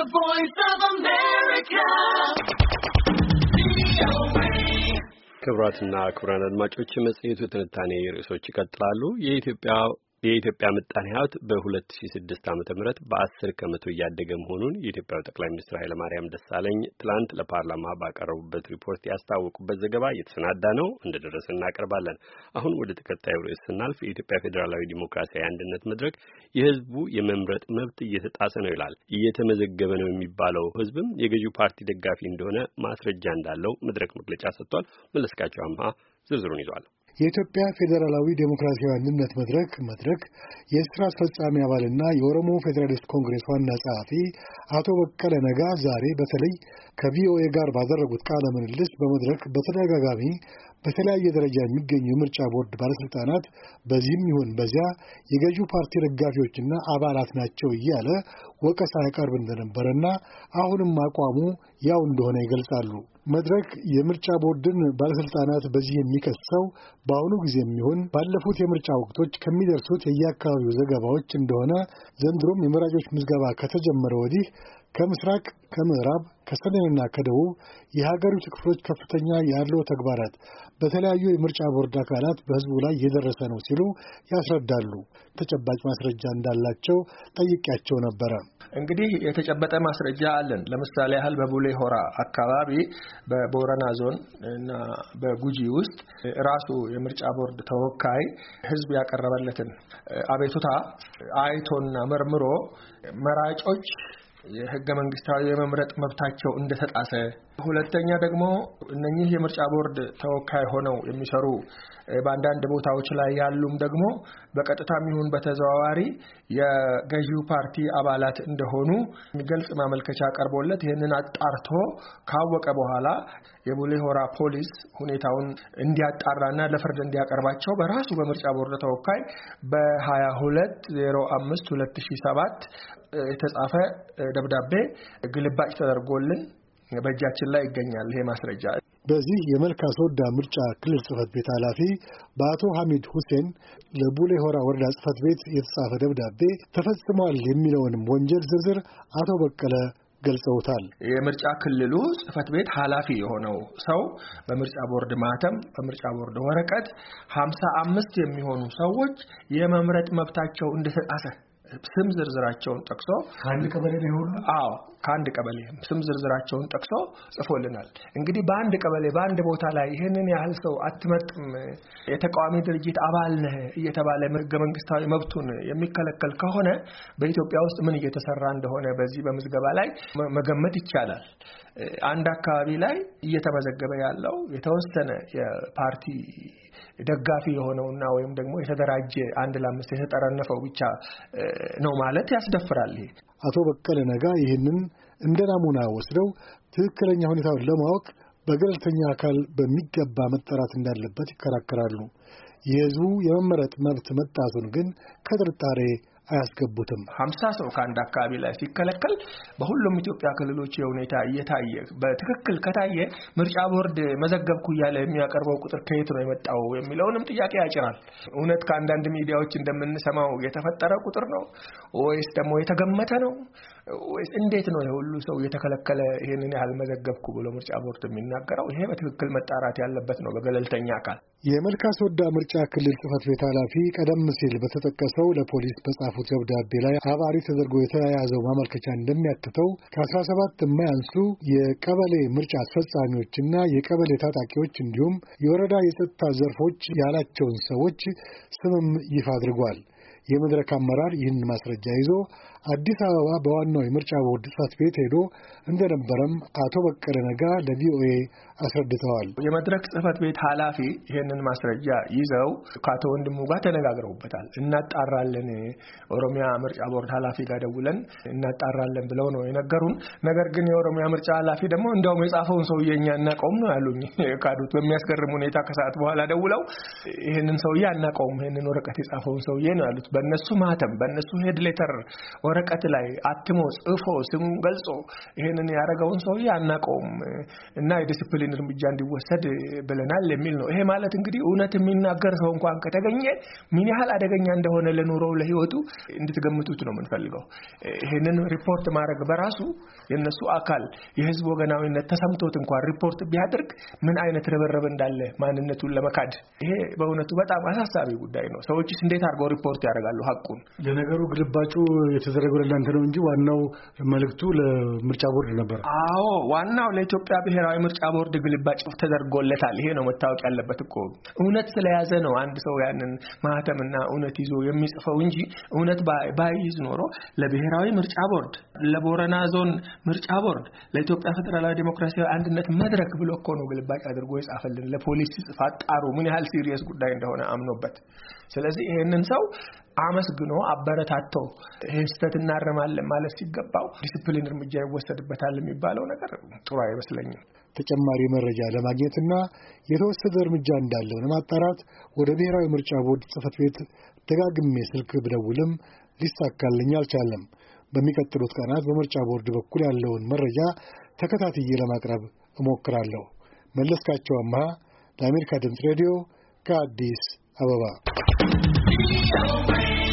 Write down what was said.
The Voice of America. ክቡራትና ክቡራን አድማጮች የመጽሔቱ ትንታኔ ርዕሶች ይቀጥላሉ። የኢትዮጵያ የኢትዮጵያ ምጣኔ ሀብት በ2006 ዓ.ም በ10 ከመቶ እያደገ መሆኑን የኢትዮጵያው ጠቅላይ ሚኒስትር ኃይለማርያም ደሳለኝ ትላንት ለፓርላማ ባቀረቡበት ሪፖርት ያስታወቁበት ዘገባ እየተሰናዳ ነው። እንደደረሰ እናቀርባለን። አሁን ወደ ተከታዩ ርዕስ ስናልፍ የኢትዮጵያ ፌዴራላዊ ዲሞክራሲያዊ አንድነት መድረክ የህዝቡ የመምረጥ መብት እየተጣሰ ነው ይላል። እየተመዘገበ ነው የሚባለው ህዝብም የገዢው ፓርቲ ደጋፊ እንደሆነ ማስረጃ እንዳለው መድረክ መግለጫ ሰጥቷል። መለስካቸው አምሃ ዝርዝሩን ይዟል። የኢትዮጵያ ፌዴራላዊ ዴሞክራሲያዊ አንድነት መድረክ መድረክ የስራ አስፈጻሚ አባልና የኦሮሞ ፌዴራሊስት ኮንግሬስ ዋና ጸሐፊ አቶ በቀለ ነጋ ዛሬ በተለይ ከቪኦኤ ጋር ባደረጉት ቃለ ምልልስ በመድረክ በተደጋጋሚ በተለያየ ደረጃ የሚገኙ የምርጫ ቦርድ ባለሥልጣናት በዚህም ይሁን በዚያ የገዢው ፓርቲ ደጋፊዎችና አባላት ናቸው እያለ ወቀሳ ያቀርብ እንደነበረና አሁንም አቋሙ ያው እንደሆነ ይገልጻሉ። መድረክ የምርጫ ቦርድን ባለሥልጣናት በዚህ የሚከሰው በአሁኑ ጊዜ የሚሆን ባለፉት የምርጫ ወቅቶች ከሚደርሱት የየአካባቢው ዘገባዎች እንደሆነ ዘንድሮም የመራጮች ምዝገባ ከተጀመረ ወዲህ ከምስራቅ፣ ከምዕራብ ከሰሜንና ከደቡብ የሀገሪቱ ክፍሎች ከፍተኛ ያለው ተግባራት በተለያዩ የምርጫ ቦርድ አካላት በህዝቡ ላይ እየደረሰ ነው ሲሉ ያስረዳሉ። ተጨባጭ ማስረጃ እንዳላቸው ጠይቄያቸው ነበረ። እንግዲህ የተጨበጠ ማስረጃ አለን። ለምሳሌ ያህል በቡሌ ሆራ አካባቢ በቦረና ዞን እና በጉጂ ውስጥ ራሱ የምርጫ ቦርድ ተወካይ ህዝብ ያቀረበለትን አቤቱታ አይቶና መርምሮ መራጮች የህገ መንግስታዊ የመምረጥ መብታቸው እንደተጣሰ፣ ሁለተኛ ደግሞ እነኚህ የምርጫ ቦርድ ተወካይ ሆነው የሚሰሩ በአንዳንድ ቦታዎች ላይ ያሉም ደግሞ በቀጥታም ይሁን በተዘዋዋሪ የገዢው ፓርቲ አባላት እንደሆኑ የሚገልጽ ማመልከቻ ቀርቦለት ይህንን አጣርቶ ካወቀ በኋላ የቡሌሆራ ፖሊስ ሁኔታውን እንዲያጣራና ለፍርድ እንዲያቀርባቸው በራሱ በምርጫ ቦርድ ተወካይ በ2205 2007 የተጻፈ ደብዳቤ ግልባጭ ተደርጎልን በእጃችን ላይ ይገኛል። ይሄ ማስረጃ በዚህ የመልካ ሶወዳ ምርጫ ክልል ጽህፈት ቤት ኃላፊ በአቶ ሐሚድ ሁሴን ለቡሌ ሆራ ወረዳ ጽህፈት ቤት የተጻፈ ደብዳቤ ተፈጽሟል የሚለውንም ወንጀል ዝርዝር አቶ በቀለ ገልጸውታል። የምርጫ ክልሉ ጽህፈት ቤት ኃላፊ የሆነው ሰው በምርጫ ቦርድ ማተም፣ በምርጫ ቦርድ ወረቀት ሀምሳ አምስት የሚሆኑ ሰዎች የመምረጥ መብታቸው እንደተጣሰ ስም ዝርዝራቸውን ጠቅሶ ከአንድ ቀበሌ ነው ሁሉ? አዎ ከአንድ ቀበሌ ስም ዝርዝራቸውን ጠቅሶ ጽፎልናል። እንግዲህ በአንድ ቀበሌ በአንድ ቦታ ላይ ይህንን ያህል ሰው አትመጥም፣ የተቃዋሚ ድርጅት አባል ነህ እየተባለ ህገ መንግስታዊ መብቱን የሚከለከል ከሆነ በኢትዮጵያ ውስጥ ምን እየተሰራ እንደሆነ በዚህ በምዝገባ ላይ መገመት ይቻላል። አንድ አካባቢ ላይ እየተመዘገበ ያለው የተወሰነ የፓርቲ ደጋፊ የሆነውና ወይም ደግሞ የተደራጀ አንድ ለአምስት የተጠረነፈው ብቻ ነው ማለት ያስደፍራል። ይሄ አቶ በቀለ ነጋ ይህንን እንደ ናሙና ወስደው ትክክለኛ ሁኔታውን ለማወቅ በገለልተኛ አካል በሚገባ መጠራት እንዳለበት ይከራከራሉ። የሕዝቡ የመመረጥ መብት መጣቱን ግን ከጥርጣሬ አያስገቡትም። ሀምሳ ሰው ከአንድ አካባቢ ላይ ሲከለከል በሁሉም ኢትዮጵያ ክልሎች የሁኔታ እየታየ በትክክል ከታየ ምርጫ ቦርድ መዘገብኩ እያለ የሚያቀርበው ቁጥር ከየት ነው የመጣው የሚለውንም ጥያቄ ያጭራል። እውነት ከአንዳንድ ሚዲያዎች እንደምንሰማው የተፈጠረ ቁጥር ነው ወይስ ደግሞ የተገመተ ነው ወይስ እንዴት ነው የሁሉ ሰው እየተከለከለ ይህንን ያህል መዘገብኩ ብሎ ምርጫ ቦርድ የሚናገረው? ይሄ በትክክል መጣራት ያለበት ነው በገለልተኛ አካል የመልካ ሶወዳ ምርጫ ክልል ጽህፈት ቤት ኃላፊ ቀደም ሲል በተጠቀሰው ለፖሊስ በጻፉት ደብዳቤ ላይ አባሪ ተደርጎ የተያያዘው ማመልከቻ እንደሚያትተው ከአስራ ሰባት የማያንሱ የቀበሌ ምርጫ አስፈጻሚዎችና የቀበሌ ታጣቂዎች እንዲሁም የወረዳ የጸጥታ ዘርፎች ያላቸውን ሰዎች ስምም ይፋ አድርጓል። የመድረክ አመራር ይህን ማስረጃ ይዞ አዲስ አበባ በዋናው የምርጫ ቦርድ ጽሕፈት ቤት ሄዶ እንደነበረም አቶ በቀለ ነጋ ለቪኦኤ አስረድተዋል። የመድረክ ጽሕፈት ቤት ኃላፊ ይህንን ማስረጃ ይዘው ከአቶ ወንድሙ ጋር ተነጋግረውበታል። እናጣራለን፣ ኦሮሚያ ምርጫ ቦርድ ኃላፊ ጋር ደውለን እናጣራለን ብለው ነው የነገሩን። ነገር ግን የኦሮሚያ ምርጫ ኃላፊ ደግሞ እንዲያውም የጻፈውን ሰውዬ እኛ እናቀውም ነው ያሉኝ። ካዱት በሚያስገርም ሁኔታ ከሰዓት በኋላ ደውለው ይህንን ሰውዬ አናቀውም፣ ይህንን ወረቀት የጻፈውን ሰውዬ ነው ያሉት። በእነሱ ማተም በእነሱ ሄድሌተር ወረቀት ላይ አትሞ ጽፎ ስሙን ገልጾ ይሄንን ያደረገውን ሰውዬ አናቀውም እና የዲስፕሊን እርምጃ እንዲወሰድ ብለናል የሚል ነው። ይሄ ማለት እንግዲህ እውነት የሚናገር ሰው እንኳን ከተገኘ ምን ያህል አደገኛ እንደሆነ ለኑሮው ለህይወቱ እንድትገምቱት ነው የምንፈልገው። ይሄንን ሪፖርት ማድረግ በራሱ የነሱ አካል የህዝብ ወገናዊነት ተሰምቶት እንኳን ሪፖርት ቢያደርግ ምን አይነት ርብርብ እንዳለ ማንነቱን ለመካድ ይሄ በእውነቱ በጣም አሳሳቢ ጉዳይ ነው። ሰዎችስ እንዴት አድርገው ሪፖርት ያደርጋሉ ሀቁን? ለነገሩ ግልባጩ የተደረገው ለእናንተ ነው እንጂ ዋናው መልእክቱ ለምርጫ ቦርድ ነበር። አዎ ዋናው ለኢትዮጵያ ብሔራዊ ምርጫ ቦርድ ግልባጭ ተደርጎለታል። ይሄ ነው መታወቅ ያለበት እኮ እውነት ስለያዘ ነው አንድ ሰው ያንን ማህተምና እውነት ይዞ የሚጽፈው እንጂ እውነት ባይይዝ ኖሮ ለብሔራዊ ምርጫ ቦርድ፣ ለቦረና ዞን ምርጫ ቦርድ፣ ለኢትዮጵያ ፌዴራላዊ ዴሞክራሲያዊ አንድነት መድረክ ብሎ እኮ ነው ግልባጭ አድርጎ የጻፈልን። ለፖሊስ ሲጽፍ አጣሩ ምን ያህል ሲሪየስ ጉዳይ እንደሆነ አምኖበት። ስለዚህ ይህንን ሰው አመስግኖ አበረታተው ይህ ስህተት እናረማለን ማለት ሲገባው ዲስፕሊን እርምጃ ይወሰድበታል የሚባለው ነገር ጥሩ አይመስለኝም። ተጨማሪ መረጃ ለማግኘትና የተወሰደ እርምጃ እንዳለው ለማጣራት ወደ ብሔራዊ ምርጫ ቦርድ ጽሕፈት ቤት ደጋግሜ ስልክ ብደውልም ሊሳካልኝ አልቻለም። በሚቀጥሉት ቀናት በምርጫ ቦርድ በኩል ያለውን መረጃ ተከታትዬ ለማቅረብ እሞክራለሁ። መለስካቸው አምሃ ለአሜሪካ ድምፅ ሬዲዮ ከአዲስ አበባ be your way.